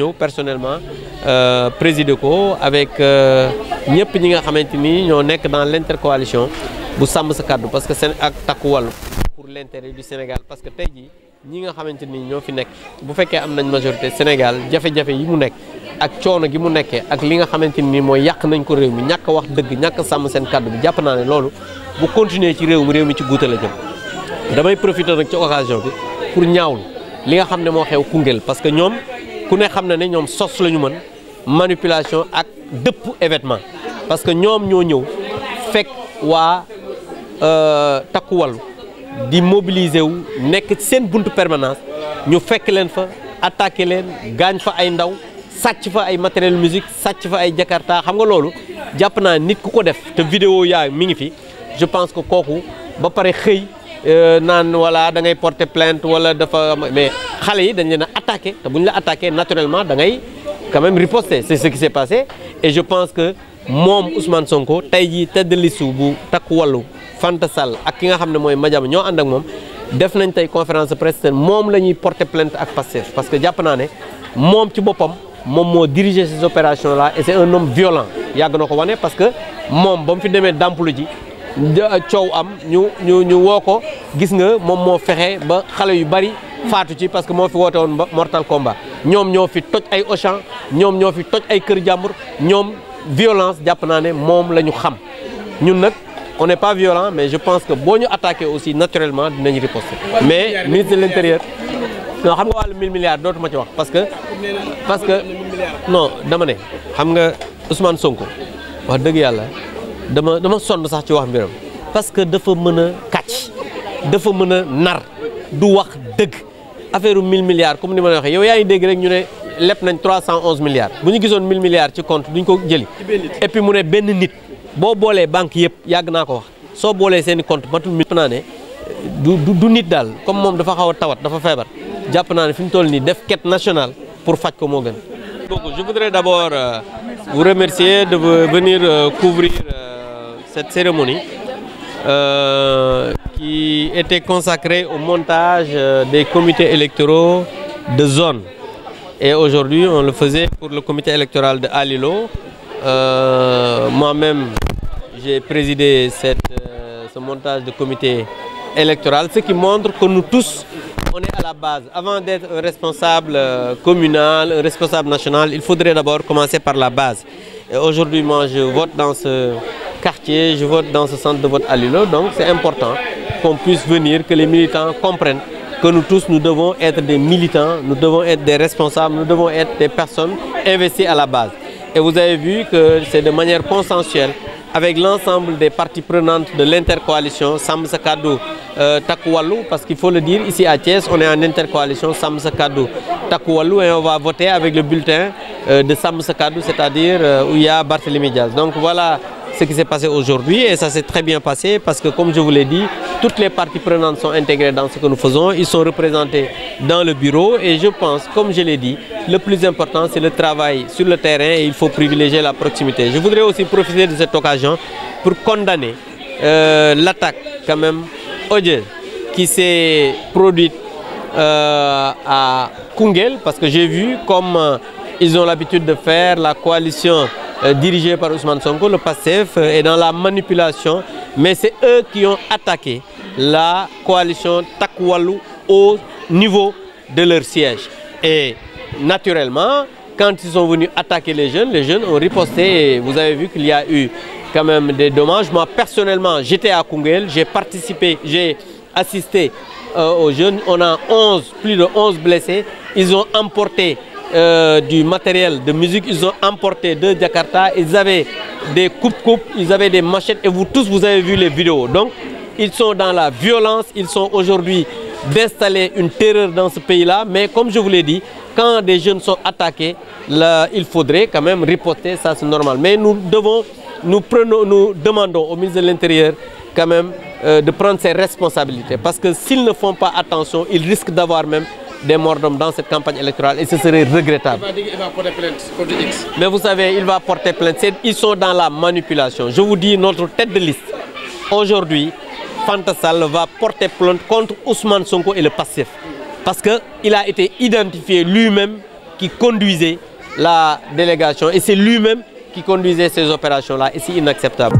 ñëw personnellement euh, présider ko avec euh, ñëpp ñi nga xamante ni ñoo nekk dans l'intercoalition bu sàmm sa kàddu parce que seen ak takku wàllu pour l'intérêt du Sénégal parce que tey jii ñi nga xamante ni ñoo fi nekk bu fekkee am nañ majorité Sénégal jafe-jafe yi mu nekk ak coono gi mu nekkee ak li nga xamante ni mooy yàq nañ ko réew mi ñàkk wax dëgg ñàkk sàmm seen kàddu bi jàpp naa ne loolu bu continuer ci réew mi réew mi ci guute la jëm damay profiter nag ci pour ñaawlu nga xam ne que ku ne xam na ne ñoom sos lañu ñu mën manipulation ak dëpp événement parce que ñoom ñoo ñëw fekk waa euh, takku wàllu di mobiliser wu nekk seen buntu permanence ñu fekk leen fa attaqué leen gaañ fa ay ndaw sàcc fa ay matériel musique sàcc fa ay jakarta xam nga loolu jàpp naa nit ku ko def te vidéo yaay mi ngi fi je pense que kooku ba pare xëy Euh, naan wala da ngay porter plainte wala dafa mais xale yi dañ leen a attaqué te bu ñu la attaqué naturellement da ngay quand même riposter c'est ce qui s'est passé et je pense que moom Ousmane Sonko tey jii tedd listu bu takk wallu Fanta Sall ak ki nga xam ne mooy Madiame ñoo ànd ak moom def nañ tey conférence de presse moom la ñuy porter plainte ak Pastef parce que jàpp naa ne moom ci boppam moom moo diriger ces opérations la et c'est un homme violent yàgg na ko wane parce que moom ba fi demee dàmpalu ji coow am ñu ñu ñu woo ko gis nga moom moo fexe ba xale yu bari faatu ci parce que moo fi woote woon Mortal Kombat ñoom ñoo fi toj ay Auchan ñoom ñoo fi toj ay kër jàmbur ñoom violence jàpp naa ne moom la ñu xam ñun nag on n'est pas violent mais je pense que boo ñu attaqué aussi naturellement dinañ riposter mais ministre de l'intérieur non xam nga wàllu 1000 milliards dootuma ci wax parce que parce que non dama ne xam nga Ousmane Sonko wax dëgg yàlla dama dama sonn sax ci wax mbiram parce que dafa mën a kàcc dafa mën a nar du wax dëgg affaire mille milliards comme ni ma la waxee yow yaa ngi dégg rek ñu ne lepp nañ trois cent onze milliards bu ñu gisoon mille milliards ci compte duñ ko jëli et mu ne benn nit boo boolee banque yëpp yàgg naa ko wax soo boolee seen i compte matul mille naa du nit daal comme moom dafa xaw a tawat dafa feebar jàpp naa ne fi mu toll nii def quête national pour faj ko moo gën. je voudrais d'abord euh, vous remercier de venir euh, euh, cette cérémonie euh, qui était consacrée au montage euh, des comités électoraux de zone. Et aujourd'hui, on le faisait pour le comité électoral de Alilo. Euh, Moi-même, j'ai présidé cette, euh, ce montage de comité électoral, ce qui montre que nous tous, on est à la base. Avant d'être un responsable euh, communal, un responsable national, il faudrait d'abord commencer par la base. Et aujourd'hui, moi, je vote dans ce quartier, je vote dans ce centre de vote à Lilo. Donc c'est important qu'on puisse venir, que les militants comprennent que nous tous, nous devons être des militants, nous devons être des responsables, nous devons être des personnes investies à la base. Et vous avez vu que c'est de manière consensuelle avec l'ensemble des parties prenantes de l'intercoalition Sam Sakadou euh, parce qu'il faut le dire, ici à Thiès, on est en intercoalition Sam Sakadou Takualu et on va euh, de Sam Sakadou, cest ce qui s'est passé aujourd'hui et ça s'est très bien passé parce que comme je vous l'ai dit, toutes les parties prenantes sont intégrées dans ce que nous faisons, ils sont représentés dans le bureau et je pense, comme je l'ai dit, le plus important c'est le travail sur le terrain et il faut privilégier la proximité. Je voudrais aussi profiter de cette occasion pour condamner euh, l'attaque quand même odieuse qui s'est produite euh, à Kungel parce que j'ai vu comme euh, ils ont l'habitude de faire la coalition Euh, dirigé par Ousmane Sonko, le PASTEF, euh, est dans la manipulation, mais c'est eux qui ont attaqué la coalition Takwalou au niveau de leur siège. Et naturellement, quand ils sont venus attaquer les jeunes, les jeunes ont riposté et vous avez vu qu'il y a eu quand même des dommages. Moi, personnellement, j'étais à Kungel, j'ai participé, j'ai assisté euh, aux jeunes. On a 11, plus de 11 blessés. Ils ont emporté euh, du matériel de musique, ils ont emporté de Jakarta, ils avaient des coupes-coupes, ils avaient des machettes et vous tous, vous avez vu les vidéos. Donc, ils sont dans la violence, ils sont aujourd'hui d'installer une terreur dans ce pays-là. Mais comme je vous l'ai dit, quand des jeunes sont attaqués, là, il faudrait quand même riposter, ça c'est normal. Mais nous devons, nous, prenons, nous demandons au ministre de l'Intérieur quand même euh, de prendre ses responsabilités. Parce que s'ils ne font pas attention, ils risquent d'avoir même des morts dans cette campagne électorale et ce serait regrettable. Il va, il va porter Mais vous savez, il va porter plainte. Ils dans la manipulation. Je vous dis, notre tête de liste, aujourd'hui, Fantasal va porter plainte contre Ousmane Sonko et le passif. Parce qu'il a été identifié lui-même qui conduisait la délégation et c'est lui-même qui conduisait ces opérations-là et c'est inacceptable.